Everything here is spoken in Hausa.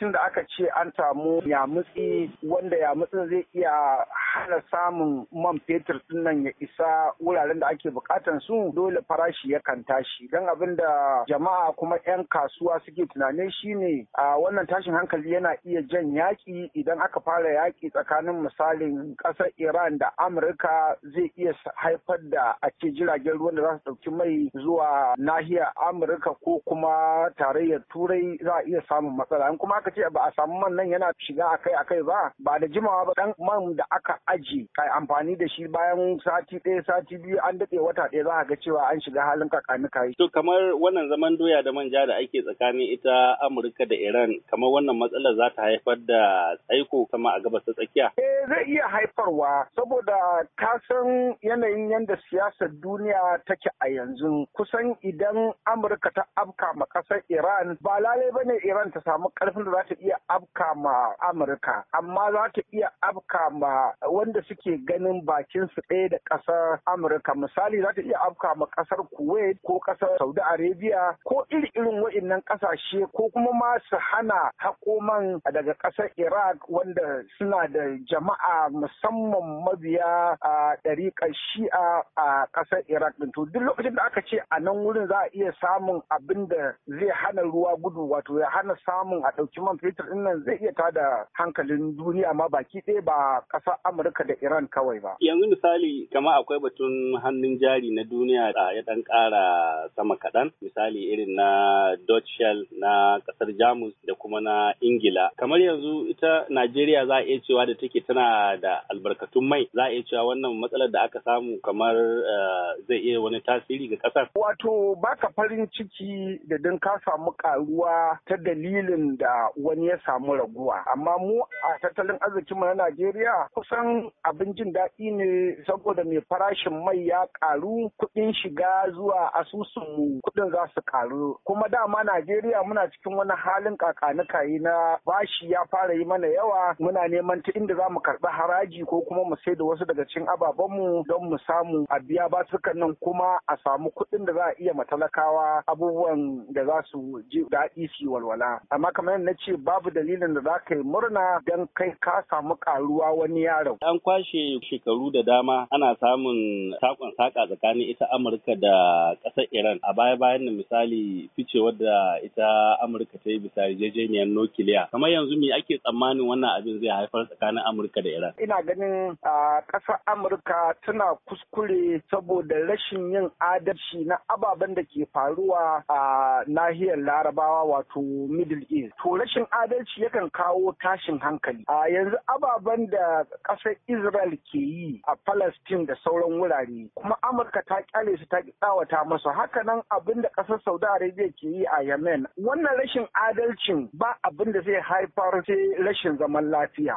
lokacin da aka ce an samu yamutsi wanda yamutsin zai iya hana samun man fetur din nan ya isa wuraren da ake bukatan su dole farashi yakan tashi don abin da jama'a kuma 'yan kasuwa suke tunane shine a wannan tashin hankali yana iya jan yaki idan aka fara yaki tsakanin misalin ƙasar iran da amurka zai iya haifar da a jiragen ruwan da za su ɗauki mai zuwa nahiyar amurka ko kuma tarayyar turai za a iya samun matsala in kuma aka ce ba a samu man nan yana shiga akai akai ba ba da jimawa ba dan man da aka aji a amfani da shi bayan sati ɗaya sati biyu an daɗe wata ɗaya za a ga cewa an shiga halin kakani To kamar wannan zaman doya da manja da ake tsakanin ita Amurka da Iran kamar wannan matsalar za ta haifar da tsaiko kama a gabas ta tsakiya. Eh zai iya haifarwa saboda ka san yanayin yadda siyasar duniya take a yanzu kusan idan Amurka ta afka ma ƙasar Iran ba lalai ne Iran ta samu ƙarfin da za ta iya afka ma Amurka amma za ta iya afka ma wanda suke ganin bakin su ɗaya da ƙasar Amurka misali za ta iya afka ma ƙasar Kuwait ko ƙasar Saudi Arabia ko iri irin wa'innan ƙasashe ko kuma ma su hana hakoman daga ƙasar Iraq wanda suna da jama'a musamman mabiya a ɗariƙar shi'a a ƙasar Iraq din To duk lokacin da aka ce a nan wurin za a iya samun abin da zai hana ruwa gudu wato ya hana samun a ɗauki man fetur ɗin nan zai iya tada hankalin duniya ma baki ɗaya ba ƙasar Amurka Amurka da Iran kawai ba. Yanzu misali kama akwai batun hannun jari na duniya da ya ɗan ƙara sama kaɗan misali irin na Dutch Shell na ƙasar Jamus da kuma na Ingila. Kamar yanzu ita Najeriya za a iya cewa da take tana da albarkatun mai za a iya cewa wannan matsalar da aka samu kamar eh, zai iya wani tasiri ga ƙasar. Wato baka farin ciki da don ka samu karuwa ta dalilin da wani ya samu raguwa amma mu a tattalin arzikinmu na Najeriya kusan abin jin daɗi ne saboda mai farashin mai ya ƙaru kuɗin shiga zuwa asusun kuɗin za su ƙaru. Kuma dama Najeriya muna cikin wani halin kakanikayi na bashi ya fara yi mana yawa muna neman ta inda za mu karɓi haraji ko kuma mu sai da wasu daga cikin ababenmu don mu samu a biya basukan nan kuma a samu kuɗin da za a iya matalakawa abubuwan da za su ji daɗi su walwala. Amma kamar yadda na ce babu dalilin da za ka yi murna don kai ka samu ƙaruwa wani yaro. An kwashe shekaru da dama ana samun sakon saka tsakanin ita Amurka da ƙasar Iran. A baya-bayan da misali ficewar da ita Amurka ta yi bisa yarjejeniyar nukiliya. Kamar yanzu me ake tsammanin wannan abin zai haifar tsakanin Amurka da Iran? Ina ganin a ƙasar Amurka tana kuskure saboda rashin yin adalci na ababen da ke faruwa a nahiyar Larabawa wato Middle East. To rashin adalci yakan kawo tashin hankali. A yanzu ababen da ƙasar ƙasar Israel ke yi a Palestine da sauran wurare kuma Amurka ta kyale su ta tsawata masu hakanan abin da ƙasar Saudi Arabia ke yi a Yemen wannan rashin adalcin ba abin da zai haifar sai rashin zaman lafiya.